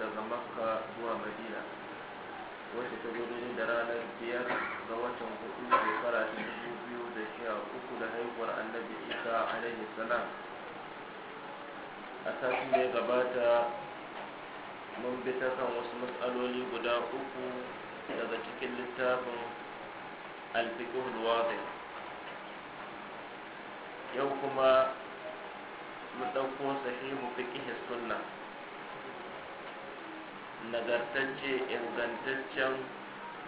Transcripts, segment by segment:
daga makka zuwa madina wacce ta zo da ranar biyar ga watan hudu shekara ta dubu biyu da sha uku da haihuwar annabi isa alaihi salam a satin da ya gabata mun bi ta kan wasu matsaloli guda uku daga cikin littafin alfikin yau kuma mu ɗauko sahihu fiqh sunna nagartacce ingantaccen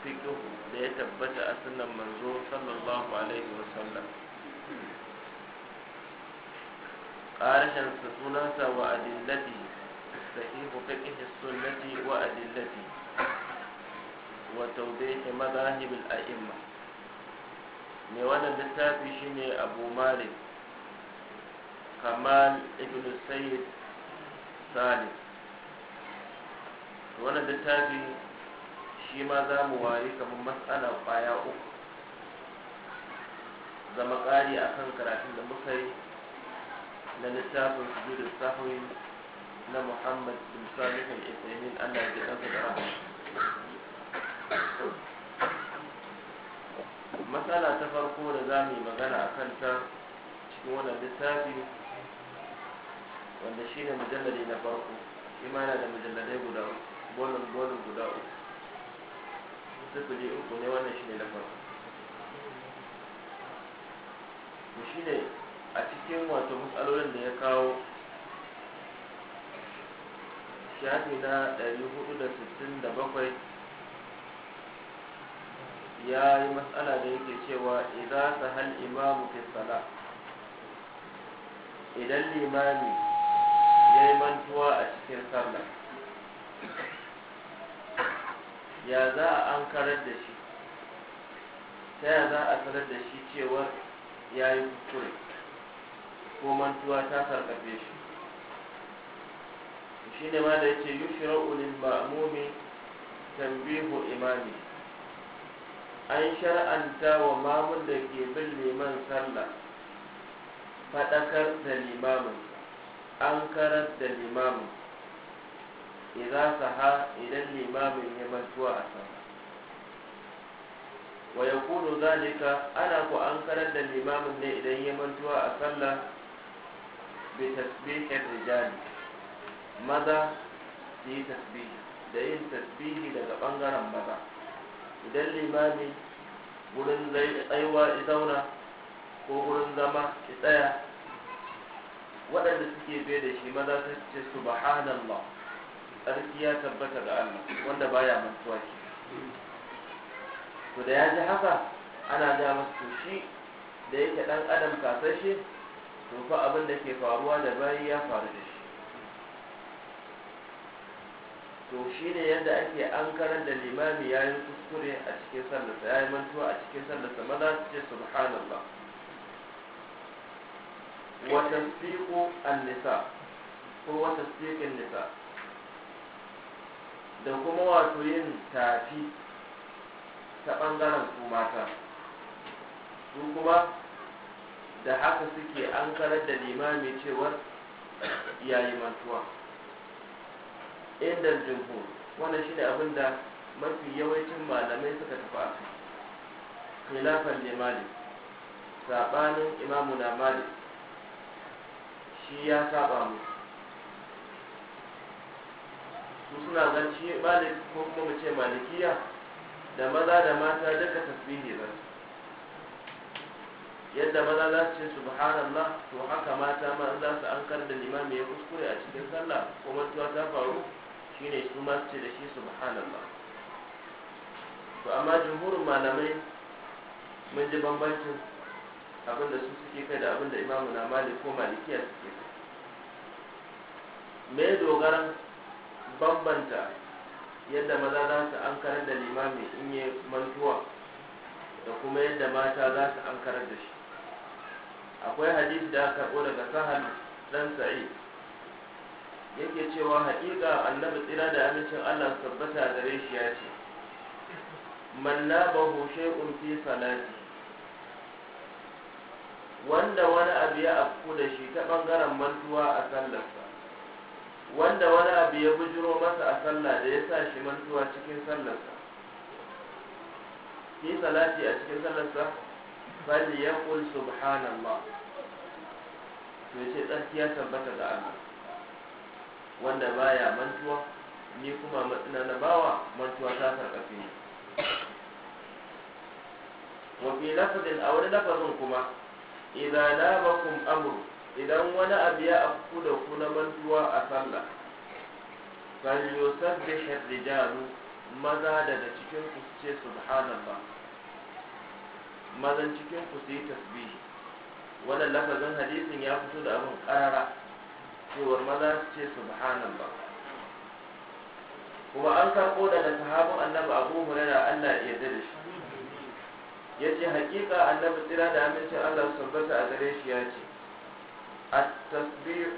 fikin da ya tabbata a sunan manzo sallallahu alaihi wasallam ƙarashensa sunansa wa adillati sahihu fikihi sunnati wa adillati wa tawdihi madahib al-a'imma mai wannan littafi shine Abu Malik Kamal ibn Sayyid Salim wannan littafi shi ma za mu ware kamar matsala baya uku zama ƙari a kan karatun da muka yi na littafin su da sahuri na muhammad bin salih isaimin allah ya ɗansa da rahama matsala ta farko da za mu yi magana a kanta cikin wannan littafi wanda shi ne mujallari na farko imana da mujalladai guda uku bolin bolin guda uku sifili uku ne wannan shi ne na farko to shi ne a cikin wato matsalolin da ya kawo shafi na 467 ya yi matsala da yake cewa idan hal imamu ke sala idan limami ya yi mantuwa a cikin sallah ya za a an karar da shi ta ya za a sanar da shi cewar ya yi kuskure ko mantuwa ta sarkafe shi shi ne ma da yake yushra'u lil ma'mumi tambihu imami an shar'anta wa mamun da ke bin liman sallah faɗakar da limamin an karar da limamin za idza ha idan limamin ya mantuwa a sama wa yakunu zalika ana ku ankarar da limamin ne idan ya mantuwa a sallah bi tasbihin rijali maza su yi tasbihi da yin tasbihi daga bangaren maza idan limami gurin tsayuwa ya zauna ko gurin zama ya tsaya waɗanda suke bai da shi maza su ce subhanallah tsarki ya tabbata ga Allah wanda baya mantuwa ke to da ya ji haka ana ja masu shi da yake dan adam kasashe to fa abin da ke faruwa da bayi ya faru da shi to shi ne yadda ake an karar da limami ya yi kuskure a cikin sallarsa ya yi mantuwa a cikin sallarsa maza su ce subhanallah wa tasdiqu an-nisa ko wa tasdiqin nisa da kuma wato yin tafi ta ɓangaren su mata su kuma da haka suke an karar da limami cewar yayi mantuwa indar jumhur wannan shine abin da mafi yawancin malamai suka tafi a kai khilafan limali sabanin imamu na malik shi ya saba mu. su suna gan shi malik ko kuma mu ce malikiya da maza da mata duka tasbihi ba yadda maza za su ce subhanallah to haka mata ma za su ankar da limami ya kuskure a cikin sallah ko mantuwa ta faru shine su ma su ce da shi subhanallah to amma jumhurin malamai mun ji bambancin abinda su suke kai da abinda imamu na malik ko malikiya suke me dogaran bambanta yadda maza za su karar da limami in yi mantuwa da kuma yadda mata za su karar da shi akwai hadis da aka karɓo daga sahal dan sa'id yake cewa haƙiƙa annabi tsira da amincin Allah su tabbata gare shi ya ce manna nabahu shay'un fi salati wanda wani abu ya afku da shi ta ɓangaren mantuwa a sallarsa wanda wani abu ya bujiro masa a sallah da ya sa shi mantuwa cikin sallarsa yi salati a cikin sallarsa bali ya kul subhanallah to ce tsakiya tabbata da Allah wanda baya mantuwa ni kuma matsina na bawa mantuwa ta sarƙafe ni wa fi lafazin a wani lafazin kuma idza nabakum amru idan wani abu ya afku da ku na mantuwa a sallah falyosar da shaddijaru maza daga cikin ku ce subhanallah mazan cikin ku su yi tasbihi wannan lafazin hadisin ya fito da abin karara cewar maza su ce subhanallah kuma an karɓo daga sahabin annabi abu hurairah allah ya yarda da shi ya ce hakika annabi tsira da amincin allah su tabbata a gare shi ya ce التسبيح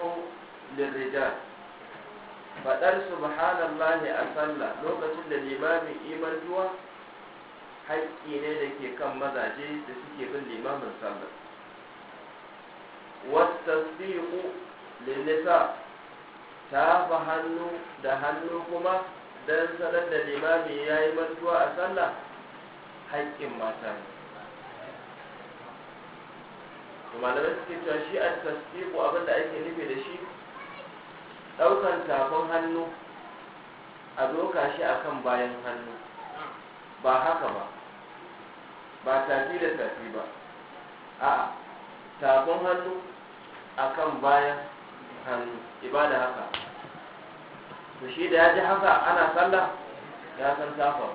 للرجال faɗar subhanallahi a sallah lokacin da limamin imantuwa haƙƙi ne da ke kan mazaje da suke bin limamin sallah wattasbihu linnisa ta fa hannu da hannu kuma dan sanar da limami ya yi mantuwa a sallah haƙƙin mata ne malamai suke cewa shi a tasdiqu abinda ake nufi da shi daukan tafin hannu a doka shi akan bayan hannu ba haka ba ba tafi da tafi ba a tafin hannu akan bayan hannu ibada haka to shi da ya ji haka ana sallah ya san tafa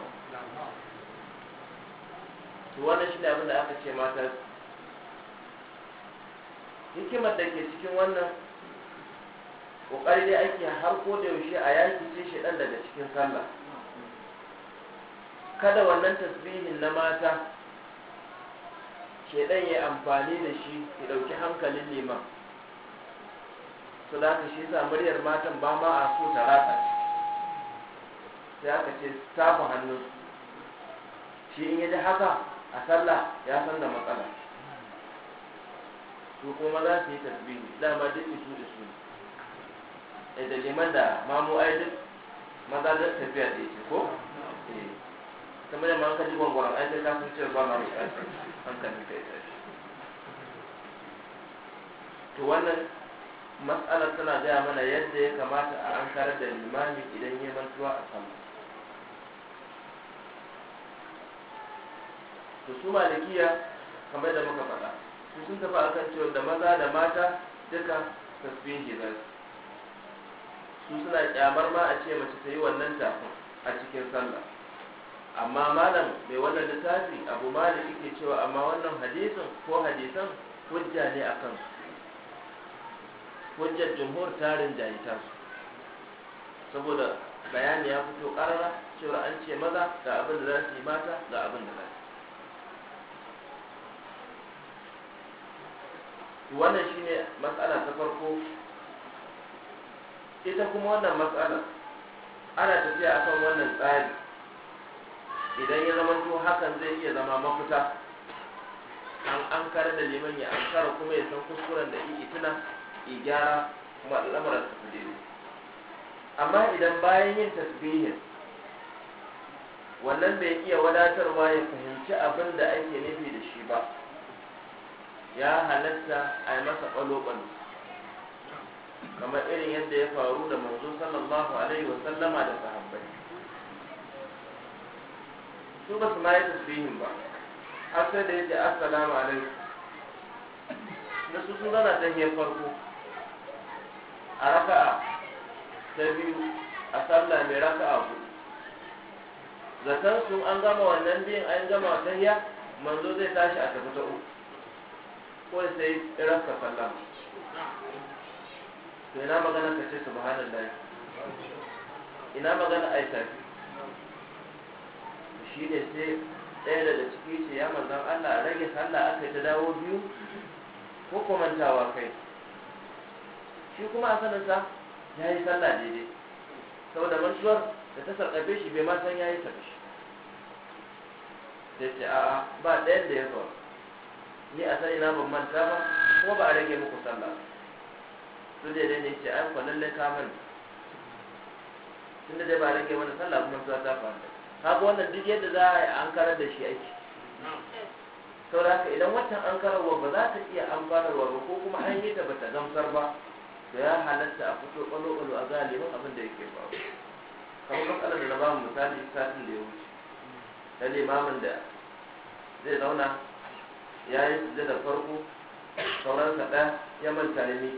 to wannan shi ne abinda da aka ce mata hikimar da ke cikin wannan ƙoƙari dai ake har ko da yaushe a yaki ce shi ɗan daga cikin sallah kada wannan tasbihin na mata ɗan ya amfani da shi ya ɗauki hankalin liman su da shi za muryar matan ba ma a so ta ratsa sai aka ce tafi hannun shi in ya ji haka a sallah ya san da matsala To kuma za su yi tasbihi dama duk su da su eh, da liman da mamu ai duk maza da tafiya da yake ko eh. kuma da man ji gwangwaran ai sai ka sun ce ba ma mai ƙarfi hankali kai tashi to wannan matsalar tana gaya mana yadda ya kamata a an karar da limami idan ya mantuwa a sama to su malikiya kamar da muka faɗa su sun tafi akan cewa da maza da mata duka tasbihin gidan su suna kyamar ma a ce mace ta yi wannan tafin a cikin sallah amma malam mai wannan littafi abu malik yake cewa amma wannan hadisin ko hadisan hujja ne a kan hujjar jumhur tarin jahita su saboda bayani ya fito karara cewa an ce maza ga abin da za su yi mata ga abin da za wannan shine matsala ta farko ita kuma wannan matsala ana tafiya akan wannan tsari idan ya zama to hakan zai iya zama mafita an an kare da liman ya an kare kuma ya san kuskuren da yi tuna i gyara kuma al'amuran su daidai amma idan bayan yin tasbihin wannan bai iya wadatarwa ya fahimci abin da ake nufi da shi ba ya halatta a yi masa ƙwalo-ƙwalo kamar irin yadda ya faru da manzo sallallahu alaihi wa sallama da sahabbai su ba su ma yi tasbihin ba har sai da yake assalamu alaikum da su sun zana hiyar farko a raka'a ta biyu a sallah mai raka'a hudu zaton su an gama wannan biyun an gama tahiya manzo zai tashi a tafi ta uku ko sai rasa sallama to ina magana ka ce subhanallahi ina magana ai tafi shi ne sai ɗaya daga ciki ce ya manzan Allah rage sallah aka ta dawo biyu ko komantawa kai shi kuma a saninsa ya yi sallah daidai saboda mantuwar da ta sarƙafe shi bai ma san ya yi tafi sai ce a'a ba ɗayan da ya faru ni a sani na ban manta ba kuma ba a rage muku sallah su da ne ce ai kwa lallai ka Tun tunda dai ba a rage mana sallah kuma su ta faru ga wannan duk yadda za a yi an karar da shi aiki saboda haka idan watan an ba za ta iya amfanarwa ba ko kuma an yi ta ba ta gamsar ba da ya halatta a fito kwalo-kwalo a galibin abin da yake faru kamar matsalar da na ba mu misali satin da ya wuce da limamin da zai zauna ya yi su da farko sauran kaɗa ya manta ne ne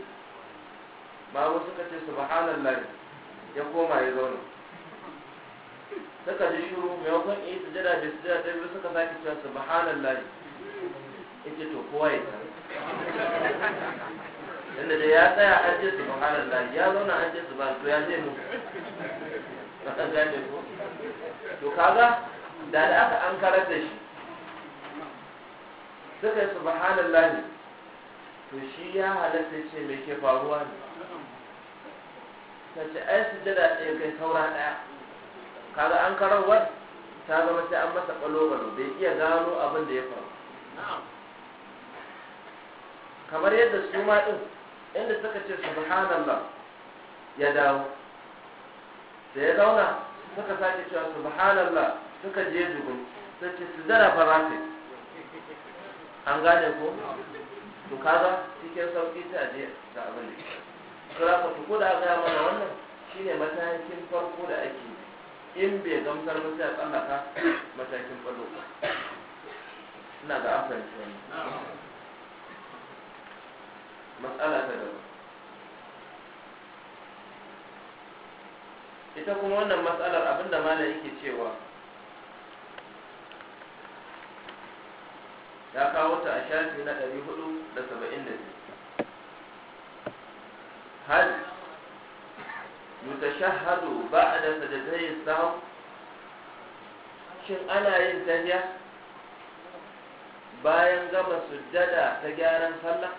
ba wasu suka ce subhanallah ya koma ya zauna suka ji shuru maimakon yi jada da jada ta biyu suka sake cewa subhanallah yake to kowa ya ta inda da ya tsaya an ce lari ya zauna an ce ba to ya je mu gane ko to kaga da da aka an karar da shi suka yi subhanallah lani to shi ya halatta ce me ke faruwa ne ta ce ai sujada ɗaya kai saura ɗaya kaga an karawar ta zama sai an masa ƙwalo bai iya gano abin da ya faru kamar yadda su ma ɗin inda suka ce subhanallah ya dawo da ya zauna suka sake cewa subhanallah suka je dubu sai ce su zara fara kai an gane ko to kaza cikin sauki ta a je ga abin da to za ka ko da aka mana wannan shine matakin farko da ake in bai gamsar ba ya tsallaka matakin farko ina ga an fahimci matsala ta gaba ita kuma wannan matsalar abinda malam yake cewa ya kawo ta a shafi na 472 hal da ba'da yi sahw shin ana yin tahiya bayan gama sujjada ta gyaran sallah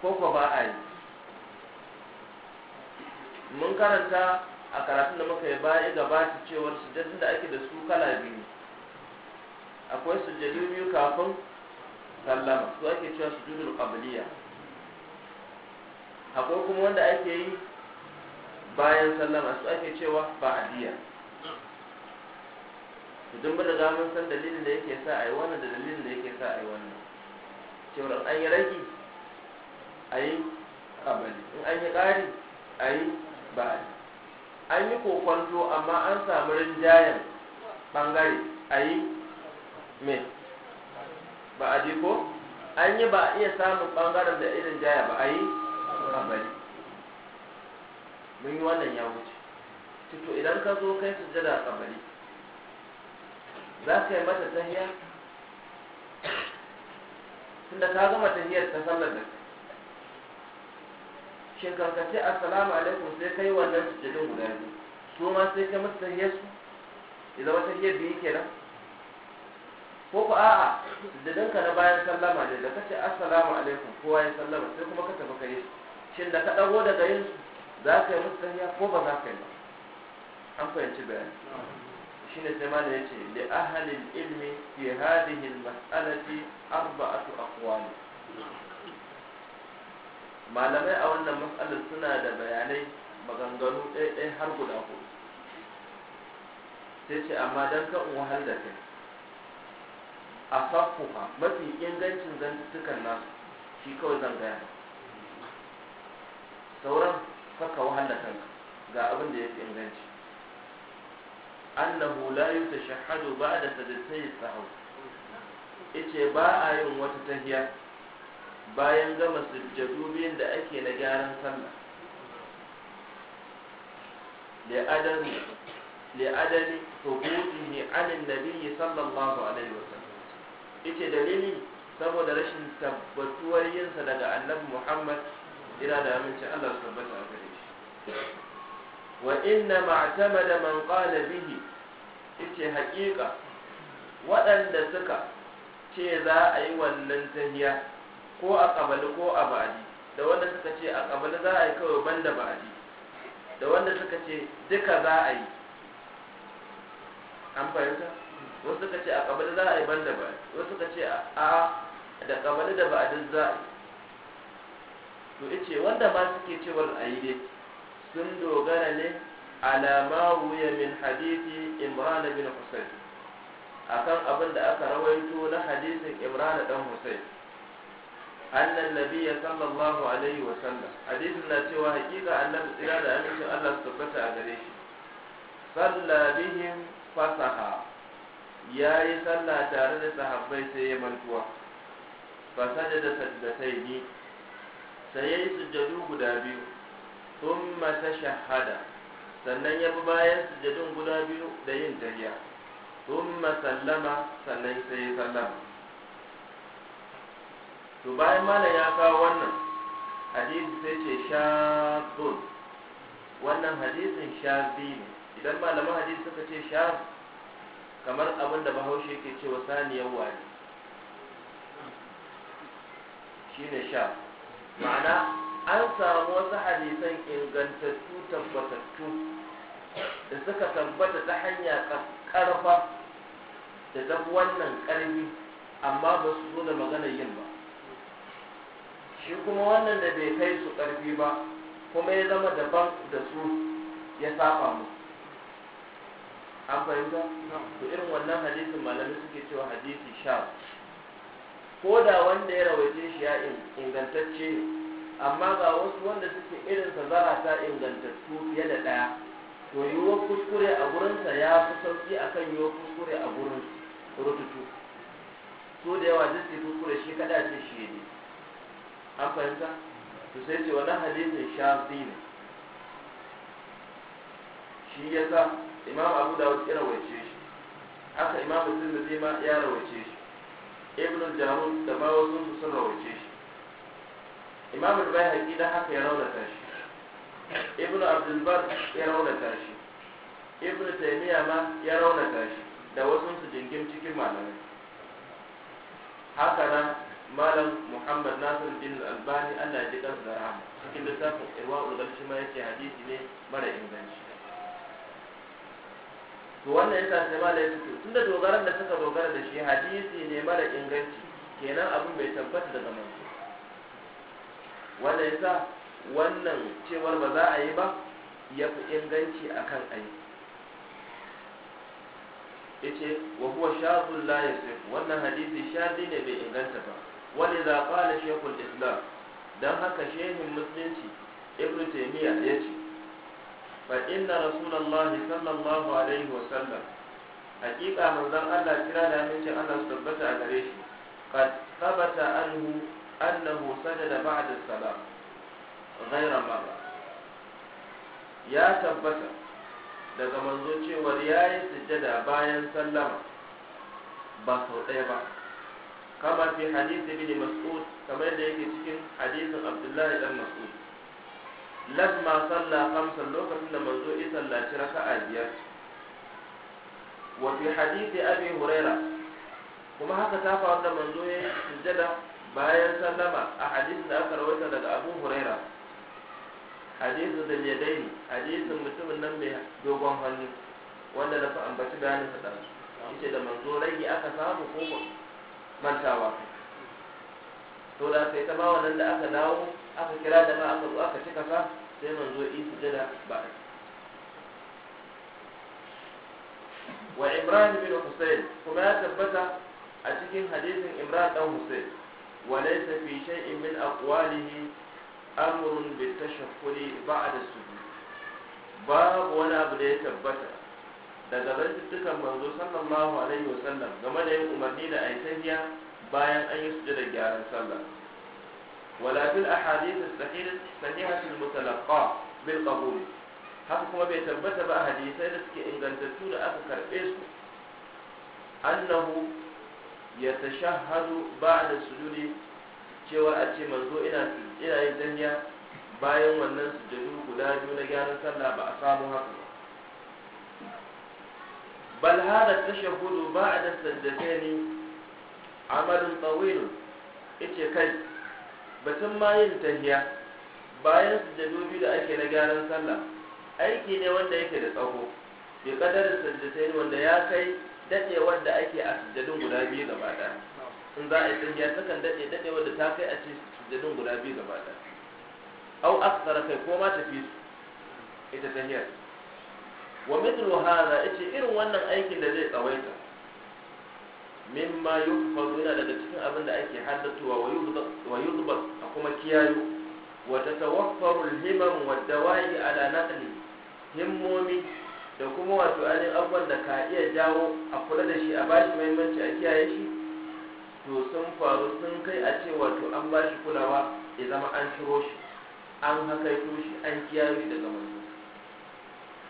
ko ko ba a yi mun karanta a karatun da muka yi baya gabata cewar su da ake da su kala biyu akwai sujjadu biyu kafin sallama su ake cewa sujudul qabliya akwai kuma wanda ake yi bayan sallama su ake cewa ba'diya idan mun da mun san dalilin da yake sa yi wannan da dalilin da yake sa yi wannan cewar an yi ragi ayi qabli in an yi ƙari ayi ba'di an yi kokonto amma an samu rinjayen bangare ayi me ba a ji ko an yi ba a iya samun bangaren da irin jaya ba a yi a bari mun yi wannan ya wuce to idan ka zo kai su jada a kabari za ka yi mata tahiya tunda ka gama tahiyar ta sallar da shin kan a ce assalamu alaikum sai kai wannan sujjadin guda biyu su ma sai kai mata tahiyar su idan wata tahiyar biyu kenan ko ba a'a da danka na bayan sallama ne da kace assalamu alaikum kowa ya sallama sai kuma ka tafi kai shin da ka dago daga yin za ka yi musu tahiya ko ba za ka yi an fahimci bayani shine sai ma da yace li ahli ilmi fi hadhihi al-mas'alati arba'atu aqwal malamai a wannan mas'alar suna da bayanai maganganu ɗaya har guda hudu. sai ce amma dan ka wahal da kai a fafuka mafi ingancin zantukan na shi kawai zan gaya sauran saka wahala kanka ga abin da ya fi inganci annahu la yutashahhadu ba'da sajdatayhi sahw Ice ba a yin wata tahiya bayan gama sujjadu biyun da ake na gyaran sallah li'adami li'adami thubutihi 'ala an-nabi sallallahu alaihi wasallam yace dalili saboda rashin tabbatuwar yinsa daga annabi Muhammad ila da aminci Allah su tabbata a gare shi wa inna ma'tamada man qala bihi yace haƙiƙa waɗanda suka ce za a yi wannan tahiya ko a kabali ko a ba'adi da wanda suka ce a kabali za a yi kawai banda ba'adi da wanda suka ce duka za a yi an fahimta wasu suka ce a kamar za a yi ban da ba wasu suka ce a da kamar da ba duk za a yi to ce, wanda ma suke cewa a yi dai sun dogara ne alama wuya min hadithi imran bin husayn akan abin da aka rawaito na hadisin imran dan husayn annan ya sallallahu alaihi wa sallam hadithin na cewa hakika annabi tsira da amincin Allah su tabbata a gare shi salla bihim fasaha ya yi sallah tare da sahabbai sai ya mantuwa fasada da sajdatai ni sai ya yi sujjadu guda biyu sun mata shahada sannan ya bi bayan sujjadun guda biyu da yin tahiya sun sallama sannan sai ya sallama to bayan malam ya kawo wannan hadisi sai ce shazun wannan hadisin shazi ne idan malaman hadisi suka ce shazi kamar abin da bahaushe yake cewa saniyar wani shine sha ma'ana an samu wasu hadisan ingantattu tabbatattu da suka tabbata ta hanya karfa da ta wannan karfi amma ba su zo da magana yin ba shi kuma wannan da bai kai su karfi ba kuma ya zama daban da su ya saba musu an fahimta to irin wannan hadisin malami suke cewa hadisi sha ko da wanda ya rawaice shi ya ingantacce ne amma ga wasu wanda suke irin sa ta ingantattu fiye da ɗaya to yiwuwar kuskure a gurinsa ya fi sauki akan yiwuwar kuskure a gurin rututu su da yawa duk kuskure shi kada ce shi ne an fahimta to sai ce wannan hadisin sha ne shi yasa imam abu dawud ya rawaice shi haka imam tirmidhi ma ya rawaice shi ibn jarud da ma wasu su sun rawaice shi imam al-bayhaqi da haka ya raunata shi ibn abdul bar ya raunata shi ibn taymiya ma ya raunata shi da wasu su jingim cikin malamai haka nan malam muhammad nasir bin albani allah ya ji kansa da rahama cikin littafin irwa ulgal shi ma yake hadisi ne mara inganci to wannan yasa sai malai suke tunda dogaran da suka dogara da shi hadisi ne mara inganci kenan abin bai tabbata daga manzo wannan yasa wannan cewar ba za a yi ba ya fi inganci akan ayi yace wa huwa shadhun la wannan hadisi shadhi ne bai inganta ba wani za qala shaykhul islam Don haka shehin musulunci ibnu taymiya yace فإن رسول الله صلى الله عليه kira حقيقة من ذن الله كلا لا يمشي أن استبت عليه قد ثبت أنه أنه سجد بعد السلام غير مرة ya tabbata daga manzo cewar ya yi sujjada bayan sallama ba sau ba kama fi hadisi bin mas'ud kamar da yake cikin hadisin abdullahi dan mas'ud lamma salla amsa lokacin da manzo ya sallaci raka'a biyar wa hadisi abi huraira kuma haka ta faru da manzo ya sujjada bayan sallama a hadisin da aka rawaita daga abu huraira hadisin da ya daini hadisin mutumin nan mai dogon hannu wanda na fi ambaci bayanin sa ɗansu da manzo rage aka samu ko mantawa to da aka kai ta bawa nan da aka dawo aka kira da ma aka zo aka cika sa sai manzo yi sujada ba a wa ibrahim bin husayn kuma ya tabbata a cikin hadisin imran dan husayn wa laysa fi shay'in min aqwalihi amrun bi tashahhuri ba'da sujud babu wani abu da ya tabbata daga rantsukan manzo sallallahu alaihi wasallam game da yin umarni da aitayya bayan an yi sujada gyaran sallah wala fil ahadith as-sahihah sahihah sahiha al mutalaqqa bil qabul haka kuma bai tabbata ba hadisai da suke ingantattu da aka karbe su annahu yatashahhadu ba'da sujudi cewa a ce manzo ina ina yin danya bayan wannan sujudu guda biyu na gyaran sallah ba a samu haka ba bal hada tashahhudu ba'da sajdatayni amalin tsawilu ita kai batun ma yin tahiya bayan sujjadobi da ake na gyaran sallah aiki ne wanda yake da tsawo bi kadarin sujjatai wanda ya kai daɗe wanda ake a sujjadin guda biyu gaba ɗaya in za a yi tahiya takan daɗe daɗe wanda ta kai a ce sujjadin guda biyu gaba ɗaya au aksara kai ko ma tafi su ita tahiyar wa mithlu hadha ita irin wannan aikin da zai tsawaita mimma yuhfazu yana daga cikin abin da ake haddatuwa wa yuzbat a kuma kiyayu wa tatawaffaru al-himam wa dawai ala naqli himmomi da kuma wato anin abban da ka iya jawo a kula da shi a bashi muhimmanci a kiyaye shi to sun faru sun kai a ce wato an bashi kulawa ya zama an shiro shi an hakaito shi an kiyaye daga manzo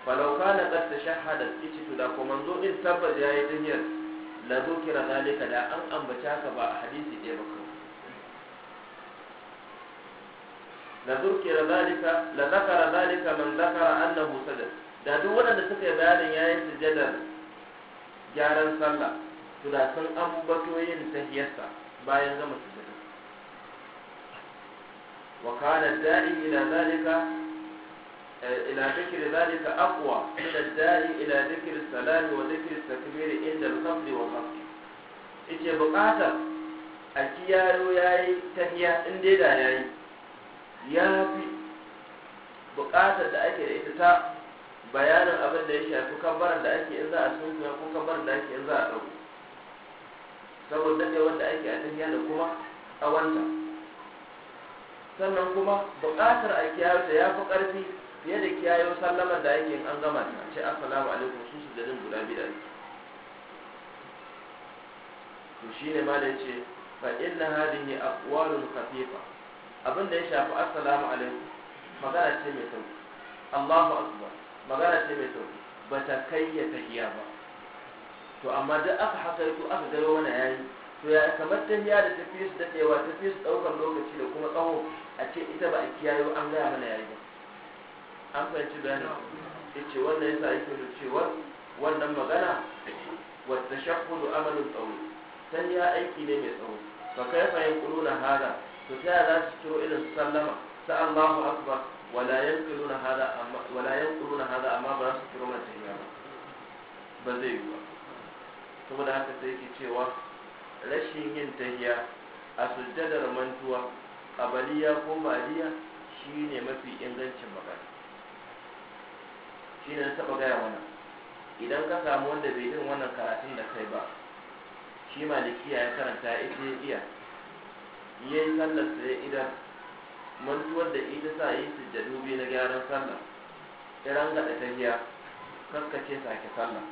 falau kana qad shahada ichi to da ko manzo din tabbas yayi tahiyar la zukira zalika da an ambata ka ba a hadisi ɗaya ba kawai la zukira zalika la zakara zalika man zakara annahu sadaq da duk waɗanda suka yi bayanin yayin sujadar gyaran sallah to da sun ambato yin tahiyarsa bayan gama sujada wa kana da'i ila zalika إلى ذكر ذلك أقوى من الداعي إلى ذكر السلام وذكر التكبير عند الخفض والخفض ita buƙatar a ya yi tahiya in dai da ya ya fi buƙatar da ake da ita ta bayanin abin da ya shafi kabbarar da ake in za a sunkuya ko kabbarar da ake in a ɗauko saboda ne wanda ake a tahiya da kuma a wanta sannan kuma bukatar a kiyayo ta ya fi ƙarfi fiye da kiyayen sallamar da yake an gama ta ce assalamu alaikum su su jadin guda biyu da to to ne ma da yace fa inna hadhihi aqwalun khafifa abin da ya shafi assalamu alaikum magana ce mai sauki Allahu akbar magana ce mai sauki bata kai ya tahiya ba to amma duk aka haka to aka gano wani yayi to ya kamar tahiya da tafi su dadewa tafi su daukar lokaci da kuma tsawo a ce ita ba a kiyayo an gaya mana yayi ba an fahimci bayanin ya ce wannan yasa yake da cewa wannan magana wata shakkudu amalin tsawo sai ya aiki ne mai tsawo fa kai fa yin kuluna hada to ta yaya za su ciro irin su sallama sa Allahu akbar wala yanquluna hada amma wala yanquluna hada amma ba su ciro mana tafiya ba ba zai yi ba saboda haka sai yake cewa rashin yin tahiya a sujjadar mantuwa abaliya ko shi shine mafi ingancin magana shi ne na taɓa gaya wannan idan ka samu wanda bai yin wannan karatun da kai ba shi malikiya ya karanta ya ya iya ya yi sallar ya idan mantuwar da ita sa yi sujjadu biyu na gyaran sallah kiran gaɗa ta hiya kaskace sake sallah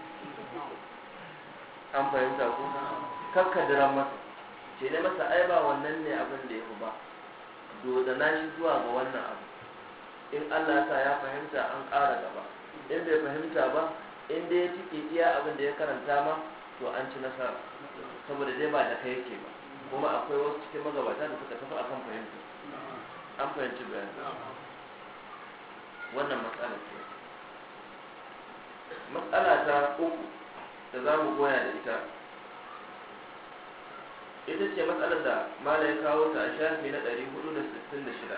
an fahimta ko kakka diran masa ce ne masa ai ba wannan ne abin da ya fi ba dodana shi zuwa ga wannan abu in allah sa ya fahimta an ƙara gaba in bai fahimta ba in dai ya cike iya abin da ya karanta ma to an ci nasara saboda dai ba da kai yake ba kuma akwai wasu cikin magabata da suka tafi akan fahimta an fahimci bayan wannan matsala ce matsala ta uku da za mu goya da ita ita ce matsalar da mala kawo ta a shafi na 466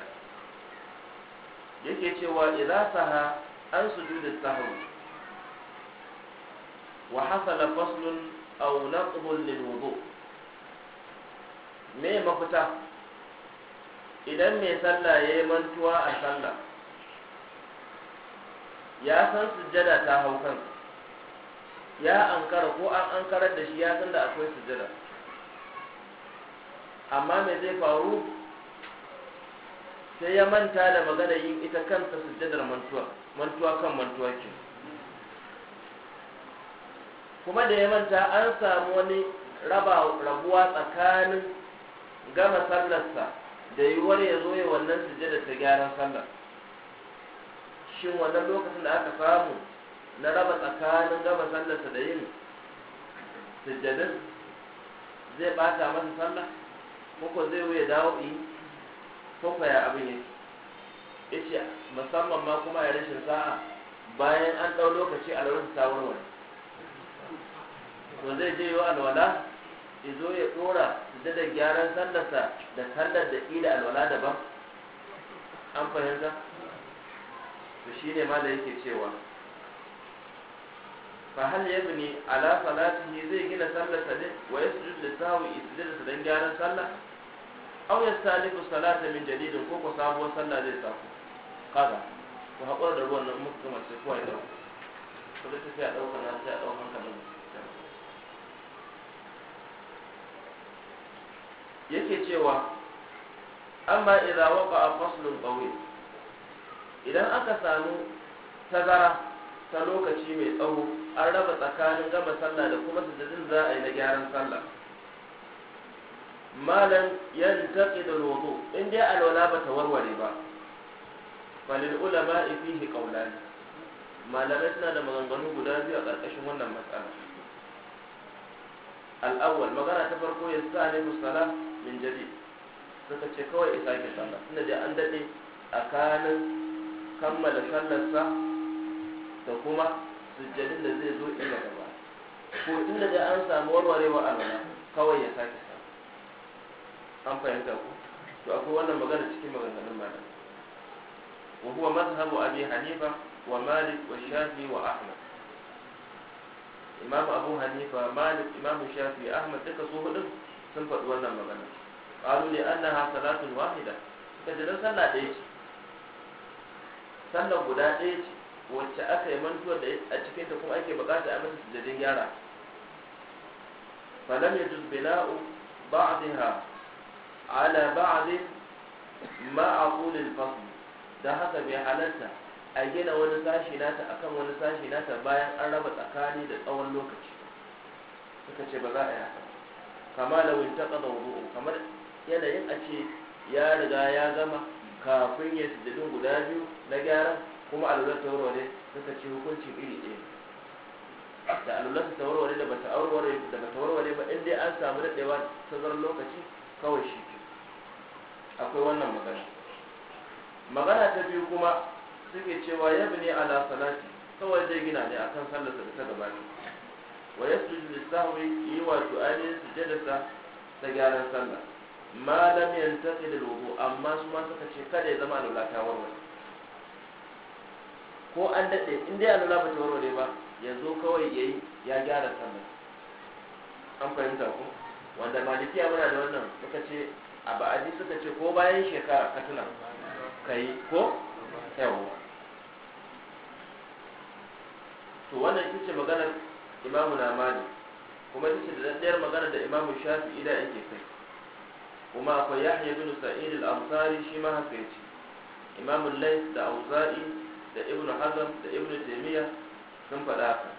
yake cewa idan saha an sujudi sahwi wa hasala faslun aw naqdun lil wudu me mafita idan mai sallah yayi mantuwa a sallah ya san sujjada ta hau kan. ya ankara ko an ankarar da shi ya san da akwai sujjada amma me zai faru sai ya manta da maganar yin ita kanta sujjadar mantuwa mantuwa kan mantuwa ke kuma da ya manta an samu wani rabuwa tsakanin gama sallarsa da yiwuwar ya zo ya wannan da ta gyaran sallar shin wannan lokacin da aka samu na raba tsakanin gama sallarsa da yin sujjadin zai bata masa sallah ko zai wuya dawo ko ya abin yake ya ce musamman ma kuma ya rashin sa'a bayan an ɗau lokaci a lalata ta wani to zai je yi alwala ya zo ya ɗora da da gyaran sallarsa da sallar da ila alwala daban an fahimta to shi ne ma da yake cewa hal ya ne ala salatihi zai gina sallarsa ne wa ya sujudu da sawu isjudu da gyaran sallah aw ya salifu salata min jadidin ko ko sabuwar sallah zai saku kaza ku haƙura da ruwan nan muka mace kowa ya ɗauka ku da sai a ɗauka na sai a dauka ɗauka hankalin yake cewa amma idza waqa'a faslun qawil idan aka samu tazara ta lokaci mai tsawo an raba tsakanin gaba sallah da kuma sujudin za a yi na gyaran sallah malan yantaqidul wudu in dai alwala bata warware ba falil ulama fihi qawlan malamai suna da maganganu guda biyu a ƙarƙashin wannan matsala al'awwal magana ta farko ya sa ne musala min jadi suka ce kawai isa ke sallah tunda dai an dade tsakanin kammala sallarsa da kuma sujjadin da zai zo ina gaba ko inda da an samu warwarewa alwala kawai ya sake sa an fahimta ku to akwai wannan magana cikin maganganun malamai وهو مذهب أبي حنيفة ومالك والشافعي وأحمد إمام أبو حنيفة مالك إمام الشافعي أحمد تكسوه لهم sun faɗi wannan magana ƙalu ne صلاة واحدة كذلك صلاة إيش صلاة don إيش wacce aka yi mantuwa da a cikin ta kuma ake bukata a masa sujadin gyara falam ya juz bina'u ba'daha ala ba'd ma aqulil fasl don haka bai halarta a gina wani sashi nata akan wani sashi nata bayan an raba tsakani da tsawon lokaci suka ce ba za a yi haka kama da winta ƙaba kamar yanayin a ce ya riga ya gama kafin ya sujadin guda biyu na gyara kuma alular ta warware suka ce hukuncin iri ɗaya da alular ta warware da bata warware da bata warware ba in dai an samu daɗewa tazarar lokaci kawai shi akwai wannan magana magana ta biyu kuma suke cewa ya ne ala salati kawai zai gina ne akan sallar da ta gabata wa yasjudu lisahwi yi wa wato ainihin sa ta gyaran sallah ta lam da alwudu amma su ma suka ce kada ya zama alwala ta warware ko an daɗe in dai alwala ba ta warware ba yanzu kawai yi ya gyara sallah an fahimta ku? wanda malikiya muna da wannan suka ce a ba'adi suka ce ko bayan shekara ka tuna kai ko yawa to wannan ita ce maganar imamu na mali kuma ita ce da ɗayar maganar da imamu shafi da yake kai kuma akwai yahya bin sa'id al-ansari shi ma haka yace imamu lais da auza'i da ibnu hazm da ibnu taymiya sun faɗa haka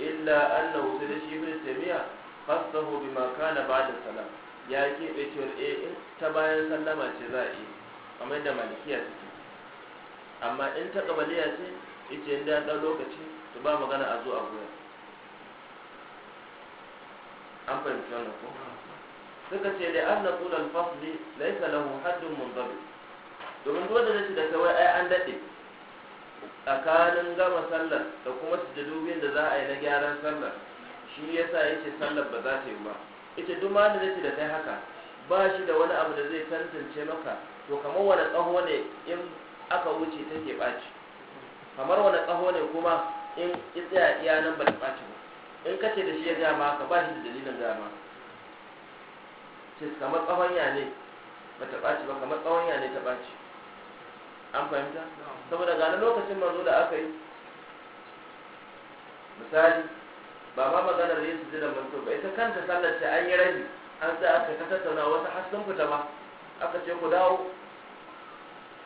illa annahu sai da shi ibnu taymiya fasahu bima kana ba'da salam ya keɓe cewar eh ta bayan sallama ce za a yi kamar yadda malikiya take amma in ta kabaliya ce ita yin da ɗan lokaci su ba magana a zo a goya an fahimci wannan ko suka ce da an naƙula alfasli laisa lahu haddun munzabi domin duk wanda zai da kawai ai an daɗe tsakanin gama sallar da kuma da biyun da za a yi na gyaran sallar shi yasa yace sallar ba za ta yi ba ita duk ma da zai da kai haka ba shi da wani abu da zai tantance maka to kamar wani tsaho ne in aka wuce take ɓaci kamar wani tsaho ne kuma in tsaya iya nan ba ta ɓaci ba in ka ce da shi ya gaya ma ka ba shi da dalilin gaya ma ce kamar tsawon ya ne ba ta ɓaci ba kamar tsawon ya ne ta ɓaci an fahimta saboda gani lokacin manzo da aka yi misali ba ma maganar su jiran mantu ba ita kanta sallar ce an yi rabi an sa aka ta tattauna wasu hasken fita ba aka ce ku dawo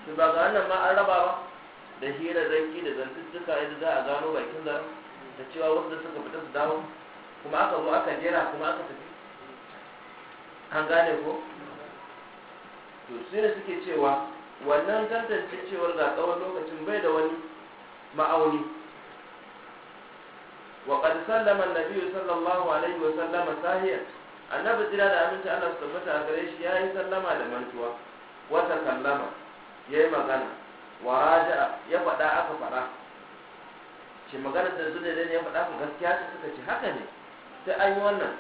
su ba ga wannan ma an raba ba da hira zanki da zantuttuka yadda za a gano bakin da da cewa wanda suka fita su dawo kuma aka zo aka jera kuma aka tafi an gane ko to sai da suke cewa wannan tantance cewar ga tsawon lokacin bai da wani ma'auni wa qad sallama an nabiyyu sallallahu alaihi wa sallama sahiyat annabi jira da aminci Allah su tabbata a gare shi ya yi sallama da mantuwa wata sallama ya yi magana wa raja ya faɗa aka faɗa ce magana da zuwa da ya faɗa ku gaskiya ce suka ce haka ne Ta an yi wannan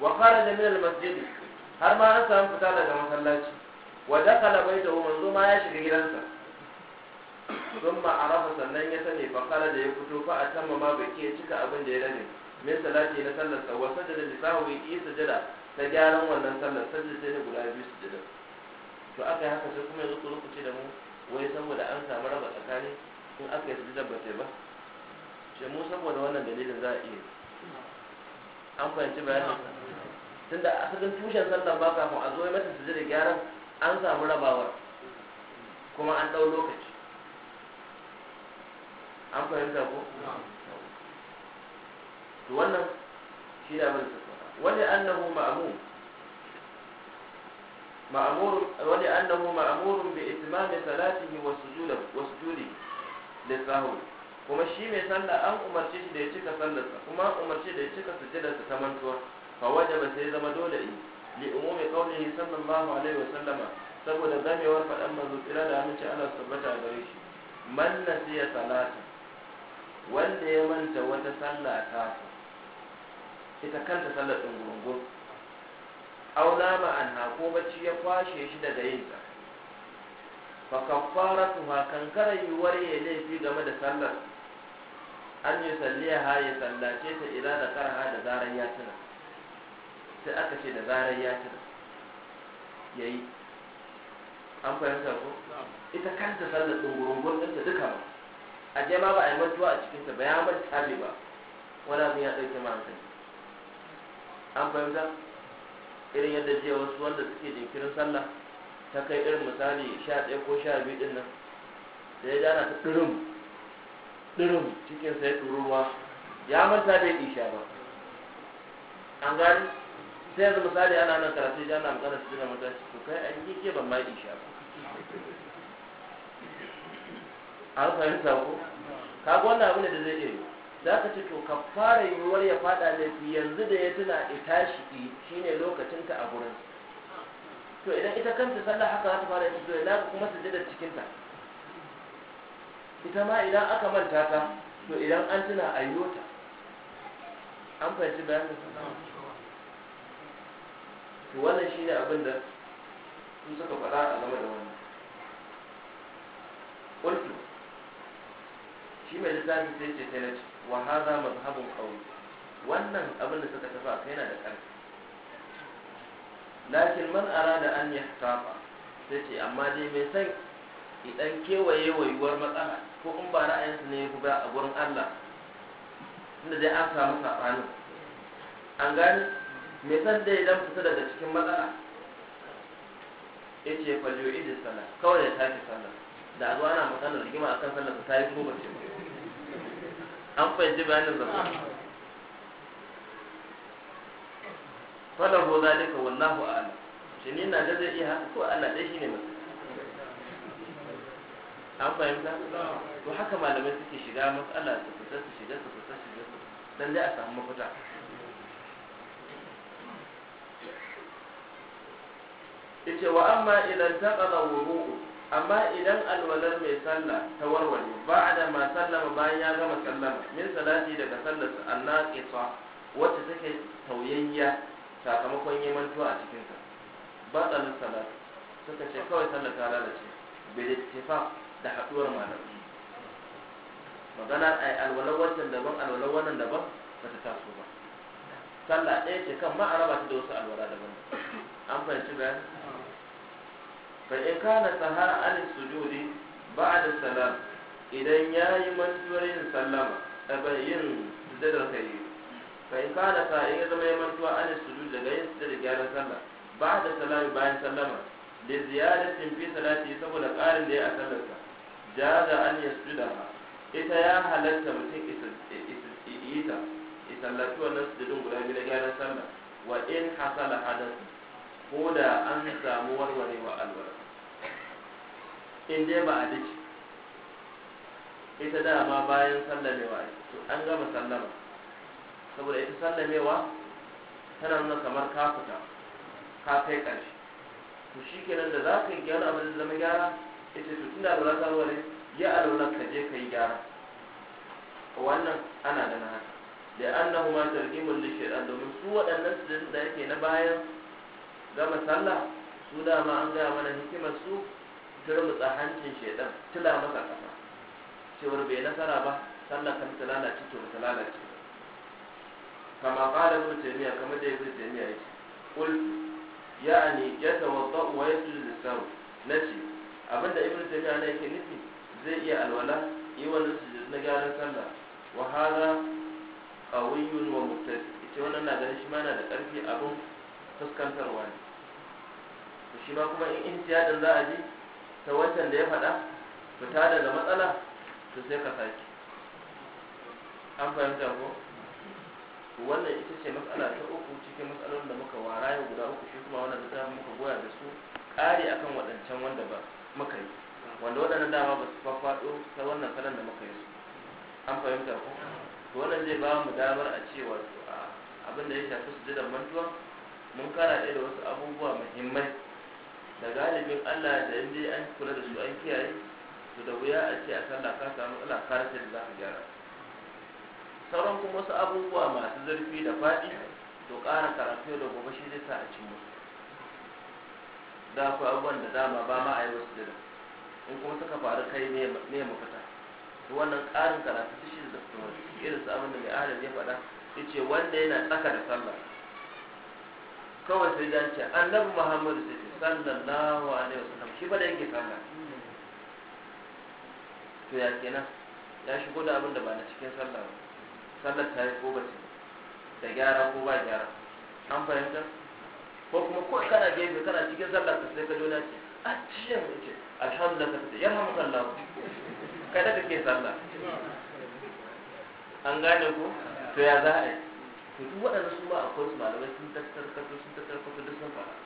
wa fara da minal masjid har ma an samu fita daga masallaci wa dakala umar zo ma ya shiga gidansa thumma arafa sannan ya sani fakara da ya fito fa can ma bai ke cika abin da ya dade min salati na sallar sa wa sajada da sahu yi sajada ta gyaran wannan sallar sajada sai guda biyu sujada to aka yi haka sai kuma yanzu ku ce da mu wai saboda an samu raba tsakani in aka yi sujada ba sai ba sai mu saboda wannan dalilin za a iya an fahimci bayanin tunda asalin tushen sallar ba kafin a zo mata sujada gyaran an samu rabawar kuma an ɗau lokaci an fahimta ko to wannan shi da abin da wani annahu ma'amun ma'amur wani annahu ma'amurun bi itmami salatihi wa sujudi wa sujudihi lisahu kuma shi mai sallah an umarce shi da ya cika sallarsa kuma an umarce da ya cika sujudarsa ta mantuwa fa wajaba sai zama dole in li umumi qawlihi sallallahu alaihi wa sallama saboda zamewar faɗan manzo tsira da aminci ana tabbata a gare shi man nasiya salata wanda ya manta wata sallah ta ita kanta sallar ɗungurungun aula ma'anna ko bacci ya kwashe shi daga yinsa fa kaffaratuha kankara yiwuwar ya laifi game da sallar an yi ha ya sallace ta ila da karha da zarar ya tuna sai aka ce da zarar ya tuna yayi an fahimta ko ita kanta sallar ɗungurungun ɗinta duka ba a je ma ba a yi mantuwa a cikinta ba ya manta ba wani abu ya ɗauke ma hankali an fahimta irin yadda jiya wasu wanda suke jinkirin sallah ta kai irin misali sha ɗaya ko sha biyu ɗin nan da ya jana ta ɗirin ɗirin cikin sai ɗuruwa ya manta bai isha ba an gani sai yanzu misali ana nan karatu ya jana amfana su jina mata su kai an yi ke ban ma isha ba an fahimta ko kaga wannan abu ne da zai iya yi za ka ce to ka fara yiwuwar ya fada laifi yanzu da ya tuna ita shi shine lokacinta a gurin to idan ita kanta sallah haka za ta fara yin to ina kuma sujada cikinta ita ma idan aka manta ta to idan an tuna a ta an fahimci bayan da to wannan shine abin da su suka faɗa a game da wannan shi mai zafi sai ce sai na ci wa haza mazhabun qawi wannan abin da suka tafi kai yana da ƙarfi lakin man arada an yahtafa sai ce amma dai mai san idan kewaye wayuwar matsala ko in ba ra'ayinsu ne ku ba a gurin Allah inda dai an samu saɓanin an gani mai san dai idan fita daga cikin matsala ya ce faliyo idin sallah kawai ya tafi sallah da a zuwa ana maganar rigima kan sallah ta yi ko ba ce ba an fahimci bayanin zama falahu zalika wallahu a'lam shi ni na da zai iya haka ko Allah dai shine mutum an fahimta to haka malamai suke shiga matsala su fita su shiga su fita su shiga dan dai a samu mafita yace wa amma idan taqala wudu'u amma idan alwalar mai sallah ta warware ba da ma sallama bayan ya gama sallama min salati daga sallar annan isa wacce take tauyayya sakamakon yi mantuwa a cikin ta ba tsalin salat suka ce kawai sallar ta lalace bai da tifa da haɗuwar malamai magana a yi alwalar wancan daban alwalar wannan daban ba ta taso ba sallah ɗaya ce kan ma'araba ta da wasu alwala daban an fahimci bayan ba in kana sahara an sujudi ba'da salam idan yayi mantuwar yin sallama tabayyin sujudar kai fa in kana sa in zama yayi mantuwa an sujudi daga yin sujudar gyaran sallah ba'da salami bayan sallama da ziyaratin fi salati saboda ƙarin da ya a sallarsa jaza an yasjuda ita ya halatta mutum yi ta isallaci wannan sujudin guda biyu na gyaran sallah wa in hasala hadas ko da an samu warwarewa alwala in dai ba a dace ita dama bayan sallamewa to an gama sallama saboda ita sallamewa tana nuna kamar kafuta ka kai ƙarshe to shi kenan da za ka yi gyara abin da zama gyara ita to tunda da za ka ya alwala ka je ka yi gyara wannan ana da na haka da kuma ma tarhimul li shaytan domin su waɗannan su da yake na bayan gama sallah su dama an gaya mana hikimar su turmutsa hancin shaidan tila masa kafa cewar bai nasara ba sallar kan tilala lalace to tilala lalace kama kala ibn taymiya kama da ibn taymiya yace qul ya'ni yatawadda wa yasjudu lisawu nace abinda ibn taymiya ne yake nufi zai iya alwala yi wa sujud na gyaran sallah wa hada qawiyyun wa muqtadi ita wannan na ganin shi ma yana da karfi abun fuskantarwa ne shi ba kuma in intiyadin za a ji ta wancan da ya faɗa fita daga matsala to sai ka sake an fahimta ko wannan ita ce matsala ta uku cikin matsalolin da muka wara yau guda uku shi kuma wannan da muka goya da su ƙari akan waɗancan wanda ba muka yi wanda waɗannan dama ba su faɗo ta wannan salon da muka yi su an fahimta ko to wannan zai ba mu damar a cewa abin da ya shafi su da mantuwa mun kara da wasu abubuwa muhimmai da galibin Allah da yanzu an kula da su an kiyaye to da wuya a ce a sallah ka samu ala karta da za ka gyara sauran kuma wasu abubuwa masu zurfi da faɗi to ƙara karatu da gobe shi zai sa a cin musu da akwai abubuwan da dama ba ma a yi wasu da in kuma suka faru kai ne mafita to wannan ƙarin karatu shi da kuma irin abin da mai adam ya faɗa ya ce wanda yana tsaka da sallah kawai sai ya ce annabi muhammadu sai sallallahu alaihi wasallam shi ba da yake sallah to ya kenan ya shigo da abin da ba na cikin sallah ba sallar ta yi ko ce da gyara ko ba gyara an fahimta ko kuma ko kana gefe kana cikin sallah ka sai ka jona ce a ciye ya ce alhamdulillah ka ya hamu sallah kada ka ke sallah an gane ko to ya za a yi to duk waɗanda su ma akwai su malamai sun tattar kasu sun tattar kasu duk sun fara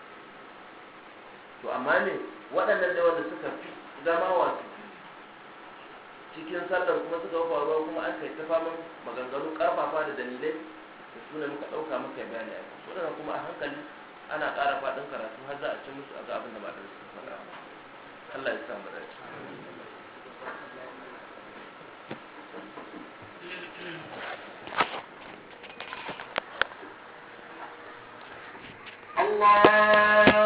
to amma ne waɗannan da wanda suka fi zama wasu cikin sallar kuma suka ruwa kuma an kai ta faman maganganu ƙarfafa da dalilai da su muka ɗauka muka bayani a kan waɗannan kuma a hankali ana ƙara faɗin karatu har za a ci musu a ga abin da ba da su faɗa Allah ya sa mu dace Allah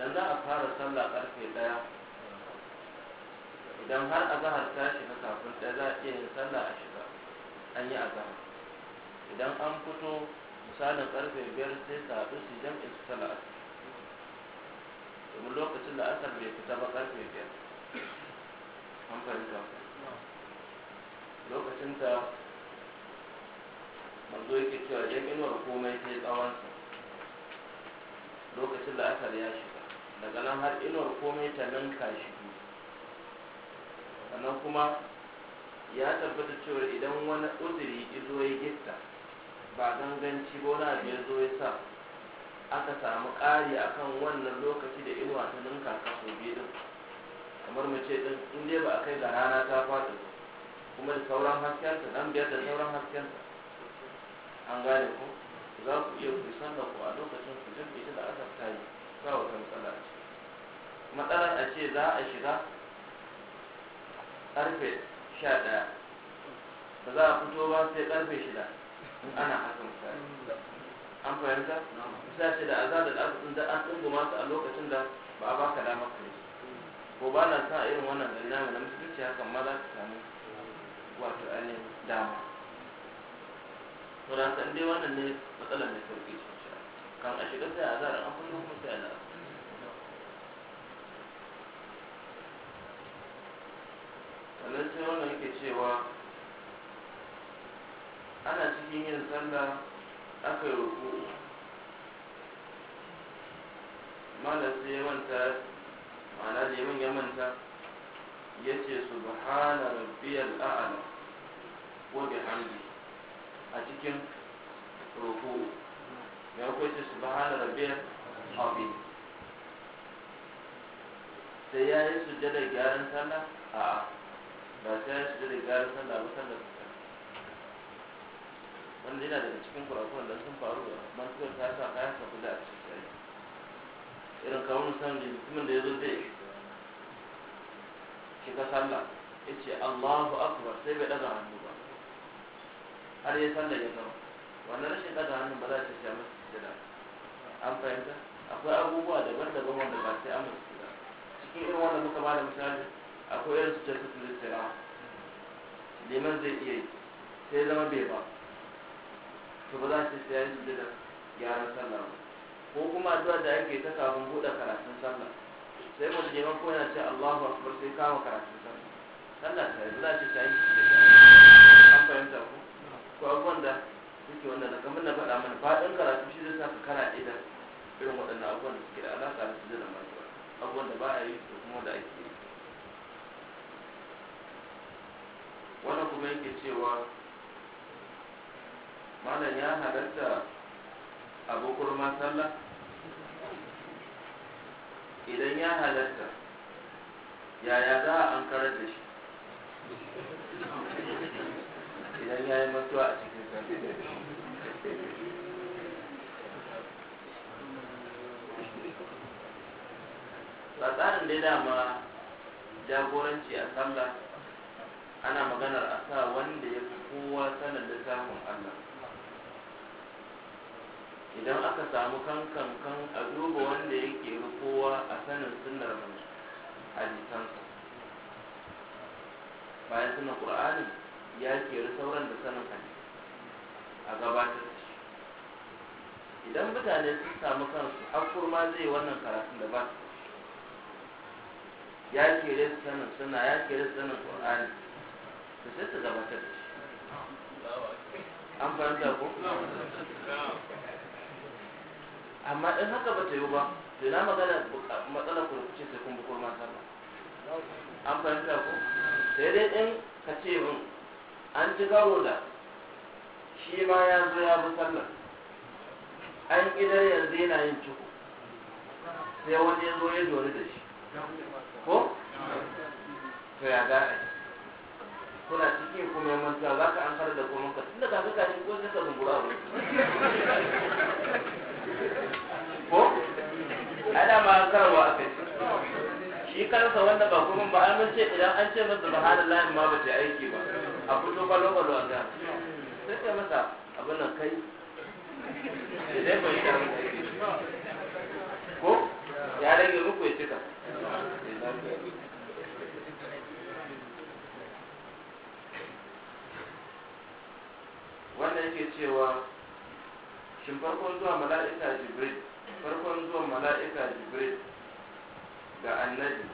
dan za a fara sallah karfe daya idan har azahar ta shiga kafin daya za a iya yin sallah a shiga an yi azahar idan an fito misalin karfe biyar sai ka haɗu su in su sallah domin lokacin da asar bai fita ba karfe biyar an fahimta lokacin da manzo yake cewa jam'inuwar komai sai tsawonsa lokacin da asar ya shiga daga nan har inuwar komai ta ninka shi sannan kuma ya tabbata cewa idan wani uzuri izo ya gitta ba ganganci ba wani abu ya zo ya sa aka samu ƙari kan wannan lokaci da inuwa ta ninka kaso biyu din kamar mu ce din in dai ba a kai ga rana ta faɗi kuma da sauran haskenta dan biyar da sauran haskenta an gane ku za ku iya ku sanda ku a lokacin ku jirgin da aka ta yi ba wata matsala ce matsalar a ce za a shiga ƙarfe sha ɗaya ba za a fito ba sai ƙarfe shida ana haka misali an fahimta bisa ce da azar da ɗakuɗin da an tsunguma su a lokacin da ba a baka dama ka yi ko ba na sa irin wannan gari namu na musulunci hakan ma za ka samu wato ainihin dama to da haka dai wannan ne matsalar mai sauƙi ce kan a shiga sai azhar an fito kuma sai azhar sannan sai wannan yake cewa ana cikin yin sallah aka yi ruku malam sai ya manta ma'ana liman ya manta ya ce subhana rabbiyal a'la da bihamdi a cikin ruku me ko ce subhana rabbiyal azim sai ya yi jada gyaran sallah a ba sai ya yi jada gyaran sallah da su ta wanda yana daga cikin kurakuran da sun faru da mantuwar ta sa kayan sa kula a cikin sai irin kawo musamman mutumin da ya zo zai shiga sallah ya ce allahu akbar sai bai daga hannu ba har ya sallah ya zama wannan rashin daga hannun ba za a ce masu an fahimta akwai abubuwa daban-daban wanda ba sai an musu ba cikin irin wanda muka ba da misali akwai irin su jasu filistira liman zai iya yi sai zama bai ba to ba za su sai ya yi su da gyaran sallah ba ko kuma addu'a da ake ta kafin buɗe karatun sallah sai mu liman ko yana ce Allahu akbar sai kama karatun sallah sallah sai za ta yi da an fahimta ko ko abubuwan da suke wannan da kamar na faɗa mana faɗin karatu shi zai sa ka kana idan irin waɗannan abubuwan da suke da alaƙa da su zai zama abubuwan da ba a yi da kuma da ake yi wannan kuma yake cewa malam ya halarta abokan sallah idan ya halarta, yaya za a an karar da shi idan ya yi matuwa a cikin ba tsarin dai ma jagoranci a sallah ana maganar a sa wanda ya fi kowa sanar da samun Allah idan aka samu kankan kan a duba wanda ke fi kowa a sanin sunar hadisansa bayan sunan ƙur'ani ya kera sauran da sanin hadisi a gabatar da shi idan mutane sun samu kansu akur kurma zai wannan karatun da ba su ya kere su sanin suna ya kere su sanin qur'ani da sai su gabatar da shi an fahimta ko amma in haka ba ta yi ba to na magana matsalar kurkucin sai kun bukur mata ba an fahimta ko sai dai in ka ce min an ji gawo da shi ma ya zo ya bi sallar an idar yanzu yana yin ciko sai wani ya zo ya dori da shi ko to ya ga a kuna cikin kuma yamman tuwa za ka an fara da kuma ka tunda kafin ka ko sai ka zumbura wani ko ana ma karwa a kai shi kansa wanda ba kuma ba an ce idan an ce masa layin ma ba ce aiki ba a fito kwallo kwallo a ga sai kai masa abin nan kai da dai bai ta ko ya rage muku ya cika wannan yake cewa shin farkon zuwa mala'ika jibril farkon zuwa mala'ika jibril ga annabi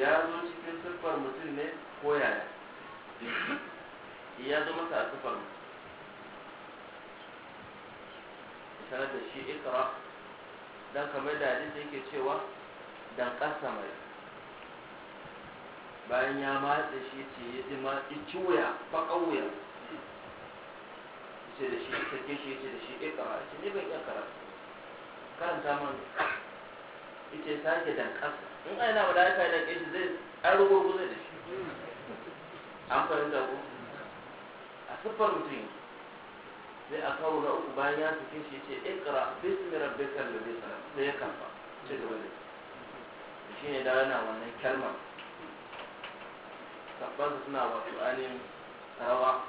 ya zo cikin siffar mutum ne ko yaya ya zo masa a siffar mutum sanar da shi ikra dan kamar da hadisi yake cewa dan kasamai bayan ya matsa shi ce ya ji ma ci wuya fa kauya ce da shi sake shi ce da shi ikra ce ne bai iya kan zaman man ita sake dan kasa in ai na wada ka da kishi zai an rugo guzo da shi an da ko a super mutum sai a karo na uku bayan ya fitin shi ce ikra bismi rabbikal ladhi khalaq sai ya kafa ce gaba da shi ne da yana wannan kalmar su suna wato ainihin rawa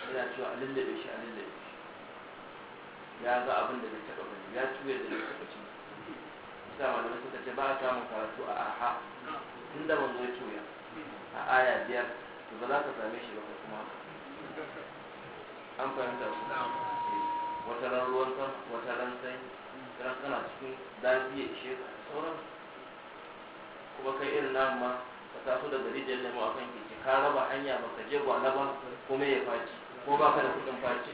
yana cewa da lullube shi a lullube shi ya ga abin da bai taɓa gani ya tuye da bai taɓa cin sa wasu ta ce ba a samun karatu a arha tun da manzo ya tuya a aya biyar ba za ka same shi ba kuma haka an fahimta su eh, wata ran ruwan kan wata ran sai ran kana cikin zafi ya ishe sauran kuma kai irin nan ma ka taso daga rijiyar lemo a kan keke ka raba hanya ba ka je gwana ba kuma ya faci ko ba ka da kuɗin faci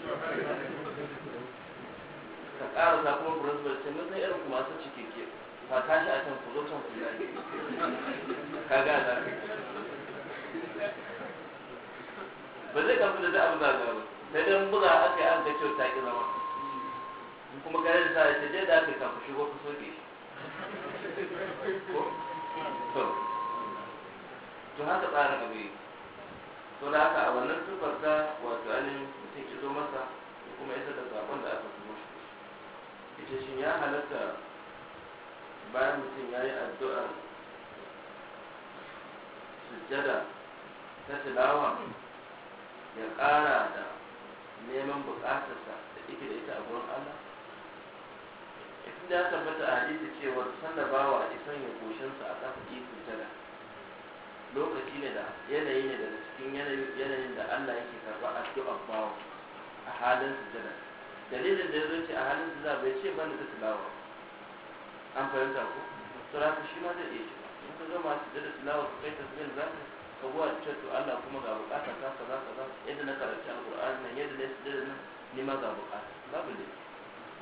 ka ƙara ta kuma principal ce mun sai irin kuma su cike ke ka tashi a can ku zo can ku yi ka ga za ka ba zai kafin da abin zagawa ba da dan buga aka yi an ga ta ki zama in kuma kare da sa ta je da aka kafa shigo ku soke to to haka tsara gabe to da haka a wannan sufar ta wato anin mutum ki zo masa kuma isa da sakon da aka kuma shi ita shi ya halatta bayan mutum ya yi addu'ar sujjada ta tilawa ya ƙara da neman bukatarsa da ike da ita a gurin Allah idan ya tabbata a hadisi cewa sanda bawa a isan ya goshinsa a kafa ikon tada lokaci ne da yanayi ne daga cikin yanayin da Allah yake karba addu'ar bawa a halin sujada dalilin da ya zo ce a halin sujada bai ce bani da tilawa an fahimta ko to shi ma zai iya shiga in ka zo masu sujada tilawa ka kai tasbih za ka ka gowa da cewa to Allah kuma ga bukata ta kaza kaza yadda na karanci alqur'ani nan yadda na sujjada nan ni ma ga bukata babu ne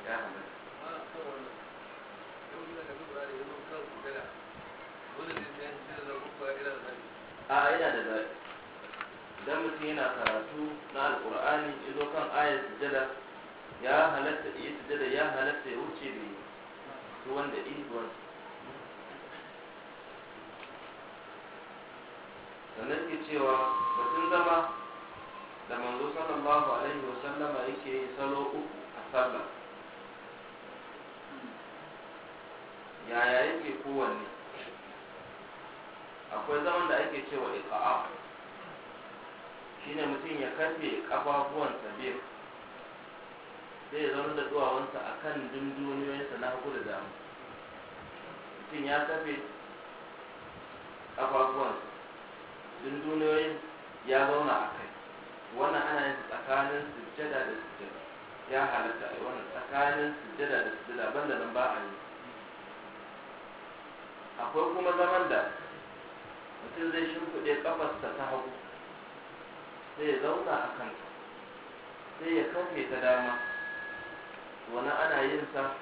ya halatta a yana da zaɓi idan mutum yana karatu na alƙur'ani ya zo kan ayar sujada ya halatta iya sujada ya halatta ya wuce bai yi wanda iya sannan ke cewa batun zama da manzo sallallahu alaihi wa sallama yake salo uku a sallah yaya yake kowanne akwai zaman da ake cewa iqa'a shine mutum ya karfe kafafuwansa biyu sai ya zama da duwawansa a kan dunduniyoyinsa na hagu da damu. mutum ya karfe kafafuwansa duniyoyin ya zauna a kai wannan ana yin tsakanin sujjada da sujjada ya halatta a wannan tsakanin sujjada da sujjada da nan ba a yi akwai kuma zaman da mutum zai shimfiɗe kafarsa ta hagu sai ya zauna a kanta sai ya kafe ta dama wani ana yin sa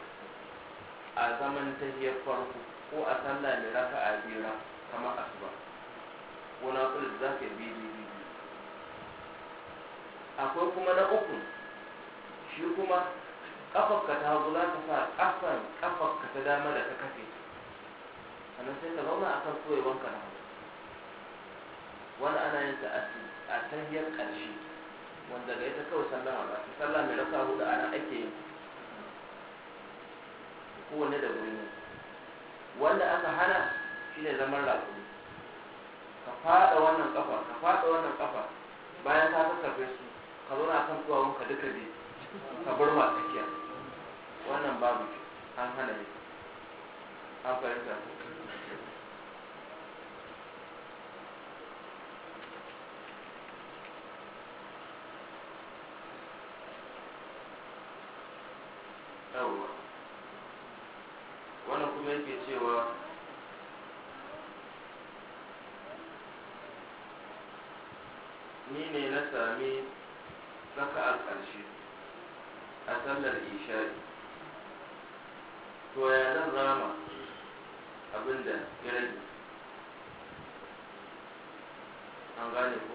a zaman ta farko ko a sallah mai raka'a a kamar asuba ko na kula da za ka yi akwai kuma na uku shi kuma kafarka ta hagu za ka sa kafan kafarka ta dama da ta kafe sannan sai ka zauna akan wanka na hagu wani ana yin ta a tahiyar ƙarshe wanda ga ita kawai sallama ba ta sallah mai raka hudu ana ake yin Kowane da ne. wanda aka hana shine zaman rakumi ka fada wannan kafa ka fada wannan kafa bayan ka kakkafe su ka na kan tsawon ka duka ne ka ma tsakiya wannan babu an hana ne an fahimta ko sami raka'ar ƙarshe a sallar isha'i to ya zan rama abinda ya rage an gane ko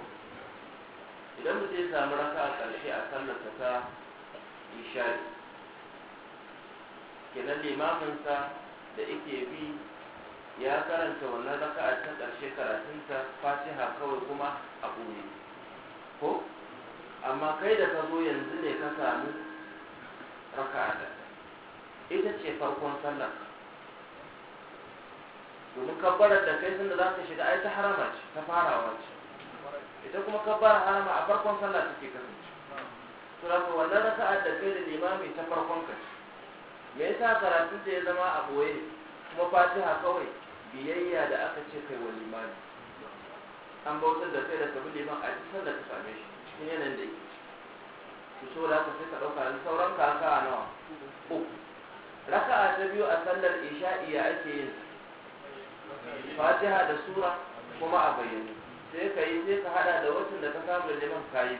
idan mutum ya raka raka'ar ƙarshe a sallar ta isha'i kenan limaminsa da ike bi ya karanta wannan raka'a ta ƙarshe karatunta fatiha kawai kuma a ne ko amma kai da ka zo yanzu ne ka samu raka'a da ita ce farkon sallar domin kabbarar da kai sun da za ka shiga ai ta harama ce ta farawa ce ita kuma kabbar harama a farkon sallah take kasance to da wannan raka'a da kai da limami ta farkon ka ce me yasa karatun da ya zama a boye kuma fatiha kawai biyayya da aka ce kai wa limami an bautar da kai da ka bile man a cikin da ka same shi cikin yanayin da yake to so da ka sai ka ɗauka yanzu sauran ka a nawa Raka raka'a ta biyu a sallar isha'i ya ake yin fatiha da sura kuma a bayyane sai ka yi sai ka hada da watan da ka samu da neman ka yi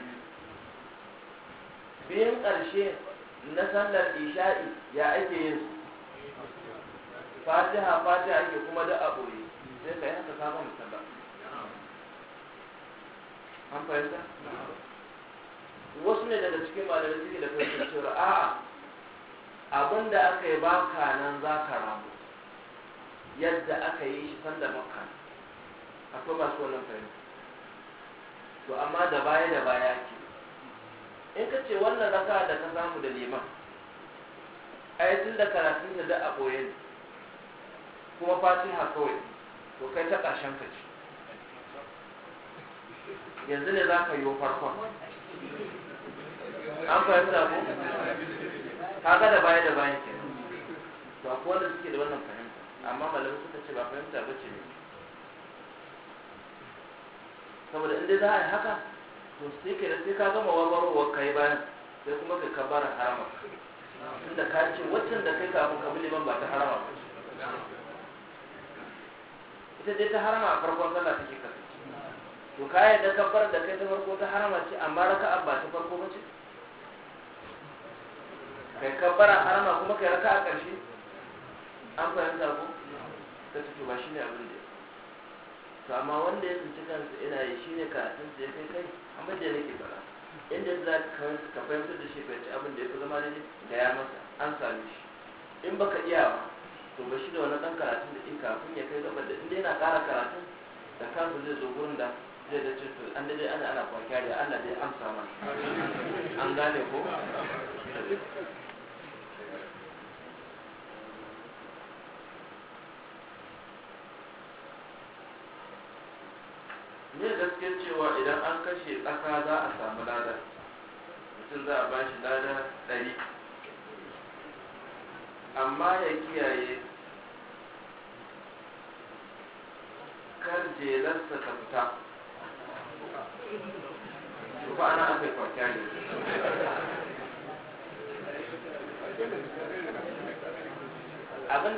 biyu biyun ƙarshe na sallar isha'i ya ake yin fatiha fatiha ake kuma da a ɓoye sai ka yi haka ka gama an fahimta wasu ne daga cikin malamai suke da fahimtar cewa a'a abin da aka yi baka nan za ka ramu yadda aka yi shi sanda maka akwai masu wannan fahimta to amma da baya da baya ke in ka ce wannan raka da ka samu da neman? ai tun da karatun da da a ɓoye ne kuma fatiha kawai to kai ta ƙarshen ka ce yanzu ne za ka yi farkon an fahimta ko ga da baya da bayan ke ba ku wanda suke da wannan fahimta amma malamai suka ce ba fahimta ba ce ne saboda inda za a yi haka to sai ke da sai ka gama warwarwar yi bayan sai kuma ka kabara harama inda ka ce waccan da kai kafin ka liman ba ta harama ba ita dai ta harama a farkon sallah take kasa to ka yarda kabbar da kai ta farko ta harama ce amma raka ba ta farko ba ce kai a harama kuma kai a ƙarshe an fahimta ko ta ce ba shi ne abin da to amma wanda ya tsinci kansa ina yi shine karatun da ya kai kai amma da nake fara inda za ka fahimtar da shi fahimci abin da ya fi zama daidai da ya masa an same shi in baka iya ba to ba shi da wani ɗan karatun da in kafin ya kai gabar da inda yana ƙara karatun da kansa zai zo gurin da zai da cutu an dai ana ana kwakiya da Allah dai amsa mana an gane ko ne gaske cewa idan an kashe tsaka za a samu lada mutum za a ba shi lada ɗari amma ya kiyaye kar jelarsa ta fita ba ana an bai kwanciya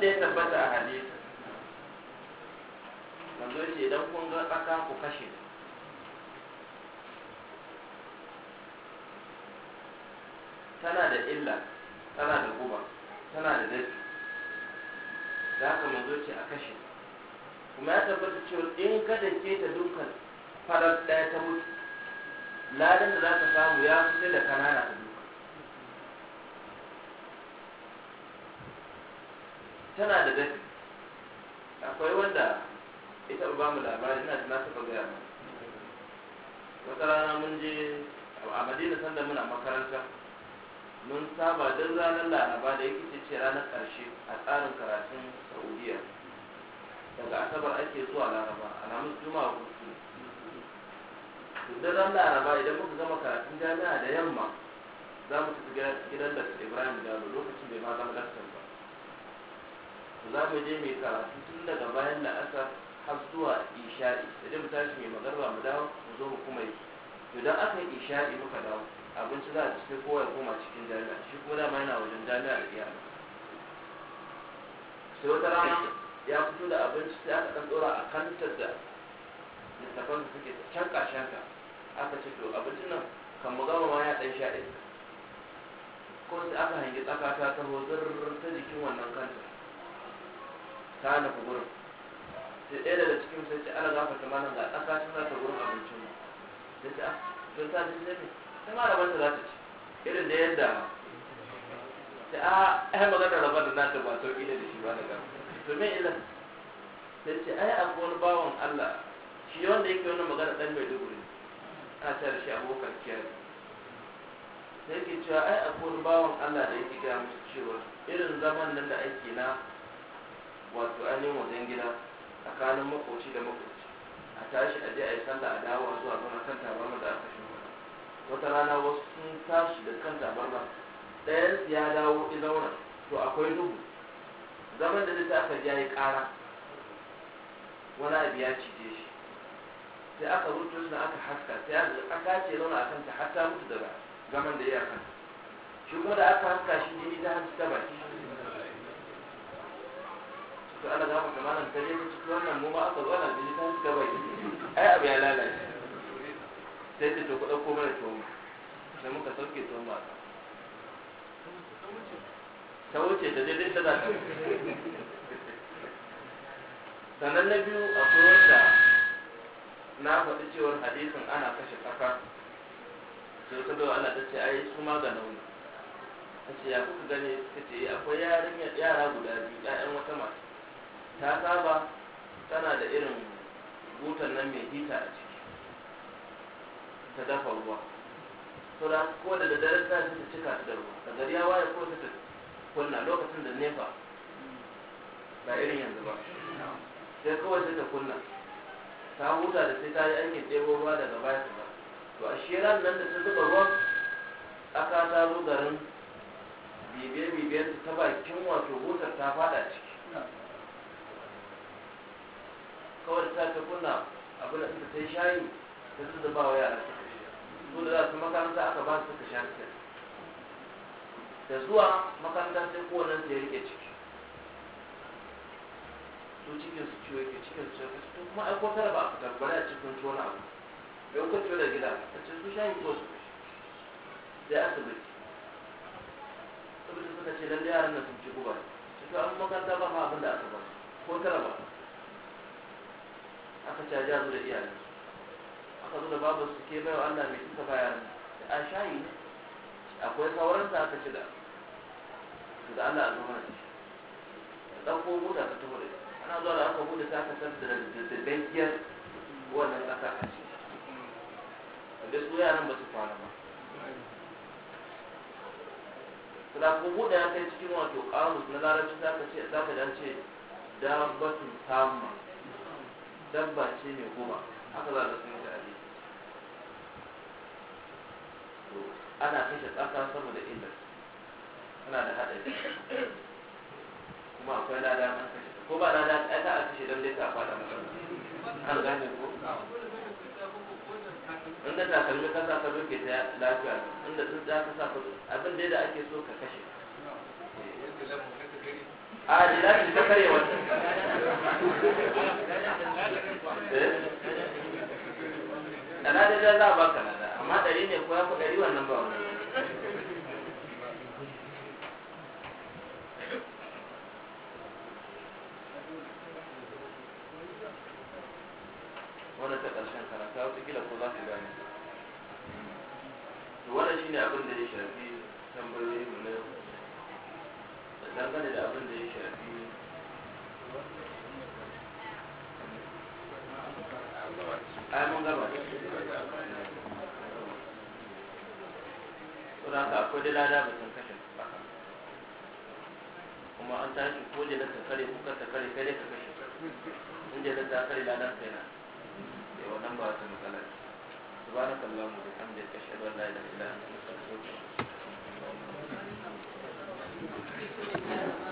ya tabbata a hadisi manzo ce idan kun ga tsaka ku kashe tana da illa tana da guba tana da dafi za ka manzo a kashe kuma ya tabbata cewa in kada ke ta dukkan farar ɗaya ta mutu ladan da za ka samu ya fi sai da kanana ta duka tana da dafi akwai wanda ita ba mu labari ina da na taɓa gaya wata rana mun je a madina sanda muna makaranta mun saba don ranar laraba da yake ce ranar karshe a tsarin karatun saudiya daga asabar ake zuwa laraba alamun juma'a hutu da ran laraba idan muka gama karatun jami'a da yamma za mu tafi gidan da ibrahim gado lokacin bai ma zama lakcin ba za mu je mai karatu tun daga bayan aka har zuwa isha'i idan mu tashi mai magarba mu dawo mu zo mu kuma yi idan aka yi isha'i muka dawo abinci za a ci kowa ya koma cikin jami'a shi kuma dama yana wajen jami'a da iyali sai wata rana ya fito da abinci sai aka ɗan ɗora a kantar da littafan da suke ta shanka ka aka ce to abincin nan kan mu gama ma ya ɗan sha ko sai aka hangi tsaka ta taho zurr ta jikin wannan kanta ta nufi gurin sai ɗaya daga cikin sai ce ana gafa ta malam ga tsaka ta za ta gurin abincin mu sai ce ah to ta ce sai ta ma rabar za ta ci irin ah, da yadda sai a ai magana rabar da nata ba sauƙi da shi ba daga to me illa sai ce ai akwai wani bawan Allah shi wanda yake wani magana ɗan mai duburi a tare shi abokan kiyar sai ke cewa ai a wani bawan Allah da yake gaya musu cewa irin zaman nan da ake na wato ainihin wajen gida tsakanin makoci da makoci a tashi a je a yi sallah a dawo zuwa zama kan tabarma da aka shi wata rana wasu sun tashi da kan tabarma ɗaya ya dawo ya zauna to akwai duhu zaman da zai aka ji ya yi ƙara wani abu ya cije shi sai aka rubuta suna aka haska sai aka ce zauna a kanta har ta mutu daga zaman da ya kanta shi kuma da aka haska shi ne ta hanci ta baki to ana zama kamar nan ta mutu cikin wannan mu ma aka zo ana jini ta hanci ta baki ai abu ya lalace sai ta to ɗauko mana tuwo sai muka sauke tuwo ma ta wuce ta daidai ta za ta sannan na biyu akwai wanda na faɗi cewar hadisin ana kashe tsaka sai ta bai ana ta ce ai su ma ga nauyi ta ce ya kuka gane ta ce akwai yarinya yara guda biyu ƴaƴan wata mata ta saba tana da irin butan nan mai hita a ciki ta dafa ruwa to da ko da daddare ta ta cika ta da ruwa da gari ya waye ko ta kunna lokacin da nefa ba irin yanzu ba sai kawai sai ta kunna ta huta da sai ta yi aikin ɗebo ruwa daga bayan ba to a shi ran nan da ta zuba ruwa aka ta zo garin bibiyar bibiyar ta bakin wato hutar ta fada ciki kawai ta ta kunna abin da ta yi shayi ta zuba wa yara suka shi su da za su makaranta aka ba su suka sha da zuwa makaranta sai kowannen sai ya rike ciki ko cikin su ciwo yake cikin su ciwo to kuma ai ko tara ba a fitar bari a cikin tona abu da kuka ciwo da gida a cikin su shayin ko su sai asibiti asibiti suka ce lalle yaran nan sun ci guba su an makaranta ba ma abin da aka ba ko tara ba aka ci a ja da aka zo da babu su ke bai wa Allah mai suka ba yaran a shayi akwai sauran da aka ci da da Allah a zama da shi ɗan ɗauko mota ta taho ana zuwa da aka bude za ka san da dangiyar wannan tsaka a ce da su yaran ba su fara ba da ko bude ya kai cikin wato kamus na larabci za ka ce za ka dace dabbatun tamma dabba ce mai goma haka za ka sun da ali ana kashe tsaka saboda illar ana da haɗari kuma akwai lada an kashe ko ba na ta ta a kashe don dai ta fada an gane ko inda takalmi ka sa ke ta lafiya inda sun za ka sa ka abin da ake so ka kashe a da lafi ta kare wata da eh? na da za a baka na amma ɗari ne ko ya fi ɗari wannan ba wani wanda ta ƙarshen karanta wata kila ko za su gane to shi ne abin da ya shafi tambayoyi mu na dangane da abin da ya shafi ai mun gaba saboda haka akwai da lada ba sun kashe kuma an tashi ko jelar ta kare ko ta kare kai ka kashe in jelar ta kare lada kai na نمبار کلر وار